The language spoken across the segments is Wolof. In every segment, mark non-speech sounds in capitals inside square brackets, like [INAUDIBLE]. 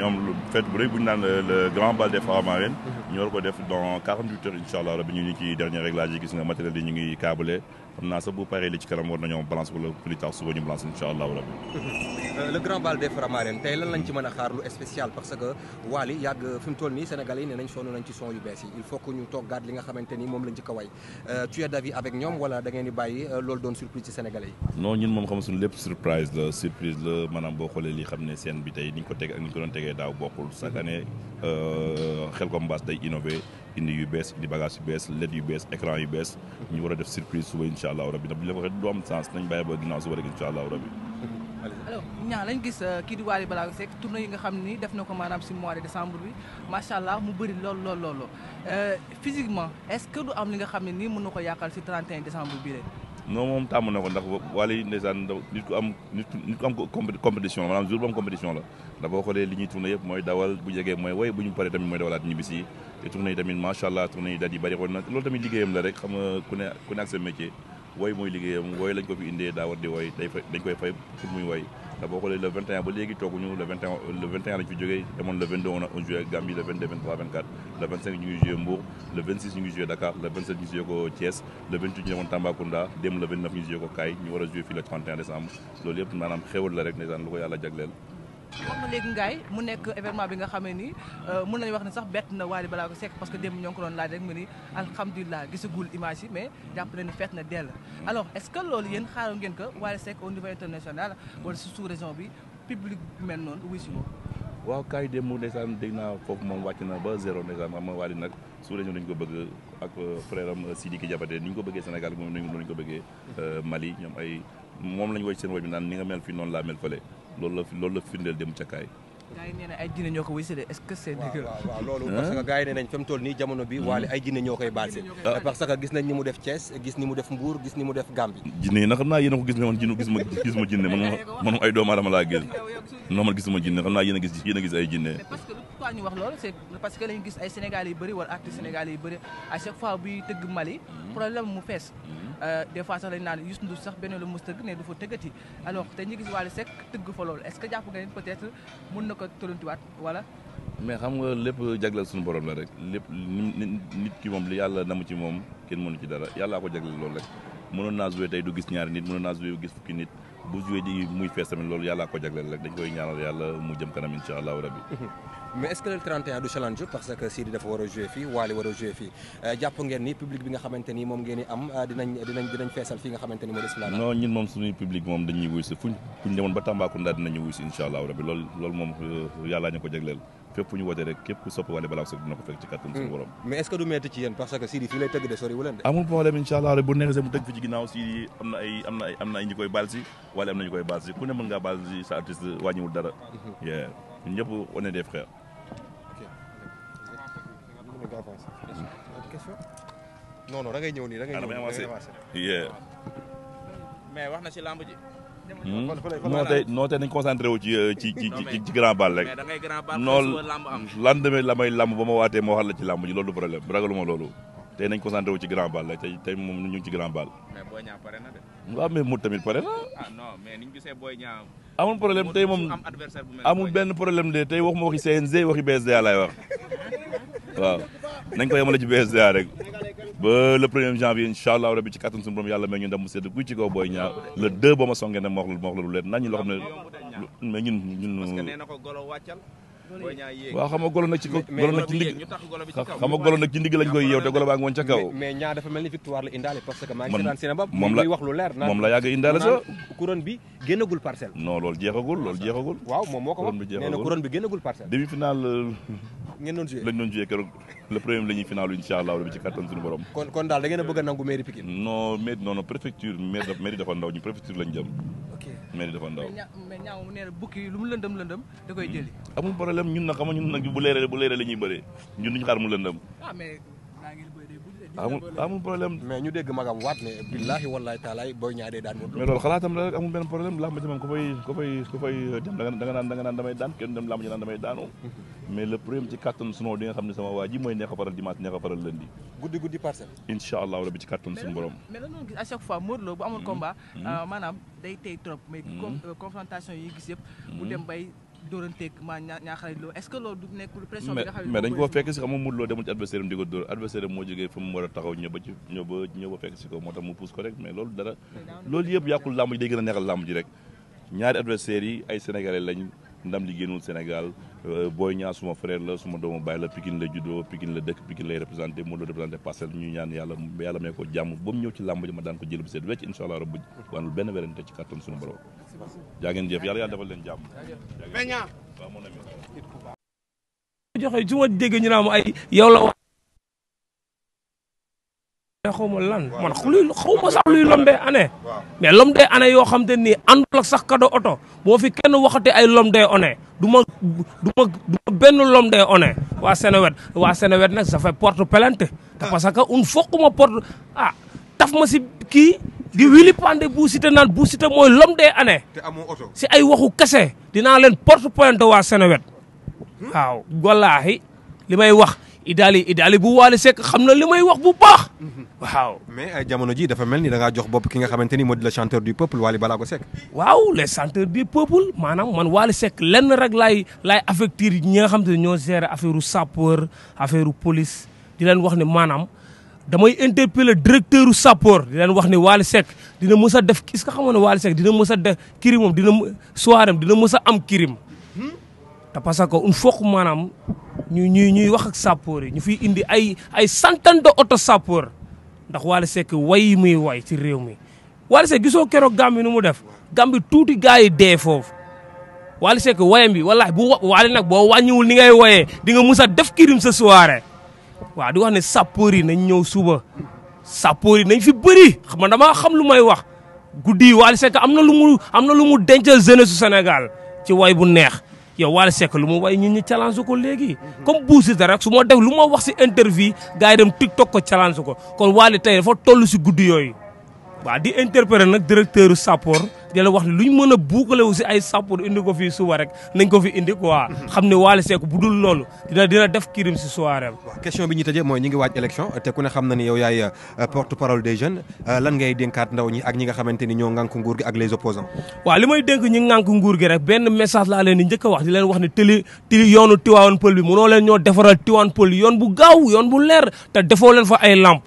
ñoom lu fête bu rëy bu ñu naan le grand bal des Faramareen ñu war ko def dans 48 heures incha allah rabi ñu ngi ci dernier réglage gis nga matériel yi ñu ngi câblé xam naa sax bu paree li ci kanam war nañoo balance wala plus tard ñu balance incha allah rabi. Euh, le grand bal des Faramareen tey lan lañ ci mën a xaar lu spécial parce que Wally yàgg fi mu toll nii Sénégalais yi nee nañ sonn nañ ci son yu bees yi il faut que ñu toggaat li nga xamante ni moom lañ ci ko way euh, d'avis avec ñoom innové indi yu bees indi bagage yu bees led yu bees écran yu bees ñu war a def surprise suba insha allahu rabbi ndax bu ñu la ko waxee du am sens nañ bàyyi ba ginnaaw suba rek insha allahu rabbi [LAUGHS] ñaa lañ gis euh, kii di Wally Ballago Seck tournée yi nga xam ni def na ko maanaam si mois de décembre bi macha allah mu bëri lool lool lool euh, physiquement est-ce que du am li nga xam ne nii mën na ko yàqal si 31 décembre bi rek. non moom tàmm na ko ndax Wally ndeysaan nit ku am nit ku am compétition la maanaam jour bu am mooy dawal bu jegee mooy te tournée yi tamit macha allah tournée yi daal di bëri woon na loolu tamit liggéeyam la rek xam nga ku ak sa métier wooy mooy liggéeyam wooy lañ ko fi indee daa war di wooy day fay fay pour muy wooy boo xoolee le 21 ba léegi tooguñu le 21 le 21 lañ fi jógee demoon a on joué Gambie le 22 23 24 le 25 ñu ngi joué Mbour le 26 ñu ngi joué ñu joué ko Thiès le 28 ñu demoon Tambacounda dem le 29 ñu joué ko Kaay ñu war a joué la rek ndeysaan lu ko wax na léegi ngaay mu nekk événement bi nga xamee ni euh, mën nañu wax ne sax bett na Wally Ballago Seck parce que dem ñoo ngi ko doon laaj rek mu ni alhamdulilah gisagul image yi mais jàpp nañu fett na dell alors est ce que loolu yéen xaaru ngeen ko Wally Seck au niveau international wala si sous région bi public bu mel noonu wuy si moom waaw kaay démb ndeysaan dégg naa foofu moom wàcc na ba zéro ndeysaan xam nga Wally nag sous région dañu ko bëgg ak euh, frère euh, Sidiki ko bëggee Sénégal moom nañu ko bëggee Mali ñoom ay moom lañu woy seen woy loolu la loolu la firndeel dem ca gars yi nee na ay jinne ñoo ko wëy est ce que c'est dëgg parce que gars yi nee nañ fa mu toll nii jamono bi waale ay jinne ñoo koy euh, que gis nañ mu def Thiès gis ni mu def Mbour gis ni mu def Gambie jinne yi ko gis ne jinne gisuma gisuma jinne ay doomu aadama laa gis non man gisuma jinne xam naa gis ay jinne parce que pourquoi ñu wax loolu gis ay sénégalais yu bëri wala artiste sénégalais yu bëri à chaque fois buy tëgg Mali hmm. problème mu fees hmm. euh, des sax lañ naan ko tërëntuwaat wala. mais xam nga lépp jagleel suñu borom la rek lépp nit ki moom li yàlla namu ci moom kenn mënu ci dara yàllaa ko jagleel loolu rek mënoon naa joué tey du gis ñaari nit mënoon naa joué gis fukki nit bu joué ji muy fees tamit loolu yàlla ko jagleel rek dañ koy ñaanal yàlla mu jëm kanam incha allahu rabbi [LAUGHS] mais est ce que challenge parce que Sidi dafa war a joué fii Waly war a joué fii euh, jàpp ngeen ni public bi nga xamante ni moom ngeen di am euh, dinañ dinañ dinañ feesal fii nga xamante ni moo des non ñun moom suñuy public moom dañuy wuy si fuñ fuñ demoon ba Tambacounda dinañu wuy si incha allahu rabbi loolu moom euh, yàlla ñu ko jagleel fépp fu ñu wootee rek képp ku sopp Wally Ballago Seck dina ko fekk ci kàttan suñu hmm. borom mais est-ce que du métti ci yéen parce que Sidi fii lay tëgg de sori wu leen de amul problème incha allah bu neexee mu tëgg fi ci ginnaaw Sidi am na ay am am na ay ñi koy baal si wala am na ñu koy baal si ku ne mën ngaa baal si sa artiste wàññiwul dara hmm. yeah ñun ñëpp on est des da ngay ñëw nii da ngay ah, ñëw mais wax na si lamb nootee nootee nañ concentré wu ci euh, ci ci ci grand bal rek. noonu lendemain la may lamb ba ma waatee ma wax la ci lamb ji loolu du problème ragaluma loolu. tey nañ concentré wu ci grand bal rek tey tey moom ñu ngi ci grand bal. mais Boy Niang pare na de. mais Modou tamit pare na. ah non mais ni ñu gisee Boy Niang. amul problème tey moom amul benn problème de tey waxuma waxi CNG waxi BSDA laay wax waaw nañ ko yemale ci BSDA rek. ba le premier janvier incha allah rabbi ci kattan suñu borom yàlla may ñu dem mu sedd guy ci kaw booy ñaar le deux ba ma songee ne moox lu leer nañ loo xam ne mais ñun ñun waaw xam golo nag ci ko golo nag ci ndig xam koy yeew te golo baa ngi woon ca kaw mais ñaa dafa mel ni victoire la indaale moom la wax indaale sa couronne bi génnagul parcelle non loolu jeexagul loolu jeexagul waaw moom moo ko wax nee na couronne bi génnagul parcelle ngeen doon joué lañ doon le premier la ñuy final incha allah rabi ci kattan suñu borom kon daal da ngeen a nangu mairie Pikine non mairie non non préfecture mairie dafa ndaw ñu préfecture lañ jëm mairie dafa ndaw na bukki lu mu lëndëm lëndëm da koy jëli amul problème ñun nag xam nga ñun nag bu leeree bu leeree la ñuy bëree ñun duñu xaar mu lëndëm ah, amul amul problème. mais ñu dégg magam waat ne billahi wallahi taalaay booy ñaaree daan moom. mais loolu la rek amul benn problème làmb ji moom ku fay dem da naan da naan damay daan kenn dem làmb ji naan [LAUGHS] mais le problème ci kàttan sunu di xam ne sama waa mooy neex a faral dimanche neex a faral lundi. guddi guddi parcelle. incha allahu rabi ci kàttan sunu borom. mais dañoo gis à chaque fois Modou Lo bu amul hmm, combat. Hmm. Euh, maanaam day tey trop. mais hmm. euh, confrontation yi gis yëpp. bu dóoranteeg maa ñaaxal loo est-ce que loolu du nekkul pression bi nga xam ne mais dañ koo fekk si xam adversaire am di ko adversaire moo jógee fa mu war a taxaw fekk si moo tax mu pousse ko rek mais loolu dara loolu yëpp yàqul làmb ji day gën a neexal làmb rek ñaari adversaires yi ay sénégalais lañ ndam li génnul Sénégal euh, Boy Niang suma frère la suma doomu baay la Pikine la juddoo Pikine la dëkk Pikine lay représenté moo la représenté Parcelles ñu ñaan yàlla yàlla may jàmm ba ñëw ci làmb ma daan ko jël bu seet wecc incha allah rabbi wanul benn werante ci kàttan suñu borom jaa ngeen yàlla yàlla defal leen jàmm waaw mon ami ñu naa mu ay yow la Eh, ne xaw ma lan man ma sax de année mais lom de yoo xam te nii àndul sax kado oto boo fi kenn waxate ay lom de one du ma du ma du ma benn lom de one waa Senewet waa Senewet nag ça fait porte plainte te ah. parce que un fokk ma porte ah taf ma si kii di wili pande Bou Siteu naan Bou Siteu mooy lom de année si ay waxu kese dinaa leen porte plainte waa Senewet hmm? waaw wallaahi li may wax Idaali Idaali bu Waly Seck xam na li may wax bu baax. waaw mais ay euh, jamono ji dafa mel ni da jox bopp ki nga xamante ni moo di la chanteur du peuple Waly Balago Seck. waaw les chanteurs du peuple maanam man Waly sekk lenn rek laay laay affecté ñi nga xam te ne ñoo gérer affaire sapeur affaire police di laan wax ne maanaam damay interpeller directeur u sapeur di leen wax ne Waly sekk dina mës a def est-ce que xam nga ne Waly Seck dina mës a def kirimam dina soirée dina mës a am kirim hmm? ñu ñuy ñuy wax ak sappoor yi ñu fiy indi ay ay centaine de oto sappoor ndax Wally Seck way muy way ci réew mi Wally Seck gisoo keroog Gàmbi nu mu def Gàmbi tuuti gars yi dee foofu Wally Seck wayam bi wallaahi bu Wally nag boo wàññiwul ni ngay woyee di nga mus a def kirim sa soirée waaw di wax ne sappoor yi nañ ñëw suba sappoor yi nañ fi bëri xam man damaa xam lu may wax guddi yi Wally am na lu mu am na lu mu dencal jeunesse su Sénégal ci way bu neex yow Wally Seck lu mu way ñun ñu ko léegi comme buusi dara su ma def lu ma wax si interview gars yi dem TikTok ko challenge ko kon waale tey dafa toll si guddi yooyu waaw di interpellé nag directeur sappoor di la wax ne lu ñu mën a buukale wu si ay sappoor indi ko fii suba rek nañ ko fi indi quoi. Mhm. xam ne Wally Seck bu dul loolu dina dina def kirim si soirée am. waaw question bi ñu tëjee mooy ñu ngi waaj élection te xam na ni yow yaay euh, porte parole des jeunes euh, nga xamante ni ñoo ŋànk nguur gi ak les opposants gi rek benn message laa leen di njëkk a wax di leen wax ne tëli tëli yoonu Tiwaawan Pël bi mënoo leen ñoo defaral Tiwaawan Pël yoon bu gaaw yoon bu leer te defoo leen fa ay lamp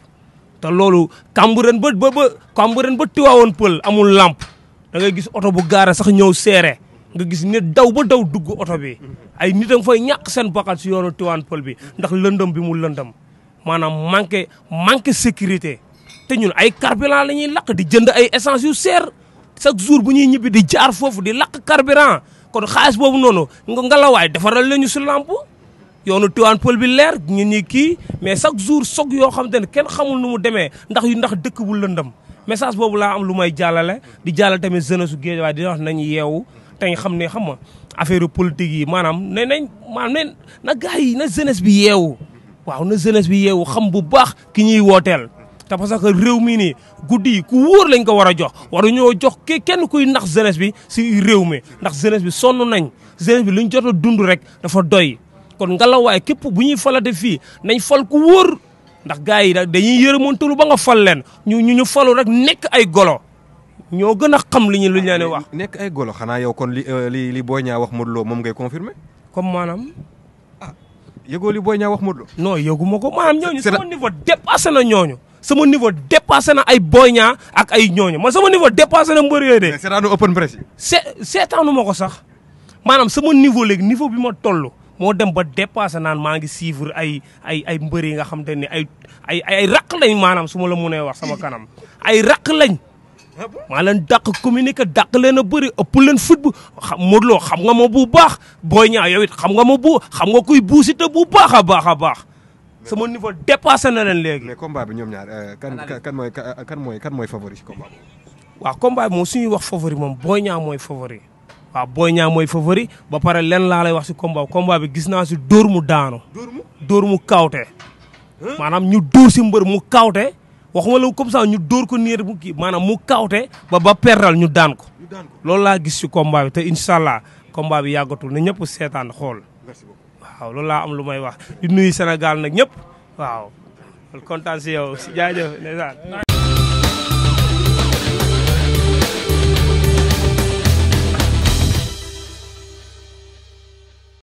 te loolu Cambérène ba ba ba Cambérène ba Tivaouane Peulh amul lampe da gis oto bu gaara sax ñëw seere nga gis nit daw ba daw dugg oto bi ay nit fo nga fay ñàkk seen bakkan si yoonu Tivaouane Peulh bi ndax lëndëm bi mu lëndëm maanaam manqué manqué sécurité te ñun ay carburant la ñuy lakk di jënd ay essence yu seer chaque jour bu ñuy ñibbi di jaar foofu di lakk carburant kon xaalis boobu noonu nga ngalawaay defaral la ñu si lampe yoonu Tivaouane Peulh bi leer ñun ñi kii mais chaque jour soog yoo xamante ne kenn xamul nu mu demee ndax yu ndax dëkk bu lëndëm message boobu laa am lu may jaalale di jàllale tamit jeunesse su géej waaye di wax nañu yeewu te ñu xam ne xam nga affaire politique yi maanaam ne nañ maanaam ne na na jeunesse bi yeewu waaw na jeunesse bi yeewu xam bu baax ki ñuy wooteel te parce que réew mii nii guddi ku wóor lañ ko war a jox war a waruñoo jox ke kenn kuy nax jeunesse bi si réew mi ndax jeunesse bi sonn nañ jeunesse bi luñ jot a dund rek dafa doy kon ngalawaay képp bu ñuy falate fii nañ fal ku wóor ndax gars yi dañuy yërëmantalu ba nga fal leen ñu ñu ñu falu rek nekk ay golo ñoo gën a xam li ñu lu ñu leen wax. nekk ay golo xanaa yow kon li euh, li li Boy Niang wax Modou Lo moom ngay confirmé. comme maanaam. ah yëgoo li booy ñaa wax Modou Lo. non yëgu ma ko maanaam ñooñu sama niveau dépassé na ñooñu. sama niveau dépassé na ay Boy Niang ak ay ñooñu ma sama niveau dépassé na mbër yooyu de. mais seetaanu open press yi. ma ko sax maanaam sama niveau léegi niveau bi ma toll. moo dem ba dépassé naan maa ngi suivre ay ay ay mbër yi nga xam te ni ay ay ay raq lañ maanaam su ma la mënee wax sama kanam ay raq lañ. Ah maa leen dàq communiqué dàq leen a bëri ëpp leen fut xam Modou Lo xam nga ma bu baax booy Niang yow xam nga ma bu xam nga kuy buusite bu baax a baax a baax. sama niveau dépassé na leen léegi. mais combat bi ñoom ñaar euh, kan kan mooy kan mooy mooy favori ci combat bi. waaw combat bi moom suñuy wax favori moom Boy ñaa mooy favori. waaw Boy Niang mooy favori ba pare len laa lay wax si combat combat bi gis naa si dóor mu daanu. dóor mu dóor mu kaawte. maanaam ñu dóor si mbër mu kawte waxuma la comme ça ñu dóor ko niir bu kii maanaam mu kaawte ba ba perdal ñu daan ko. loolu laa gis si combat bi te incha allah combat bi yàggatul ne ñëpp seetaan xool. loolu laa am lu may wax di nuyu Sénégal nag ñëpp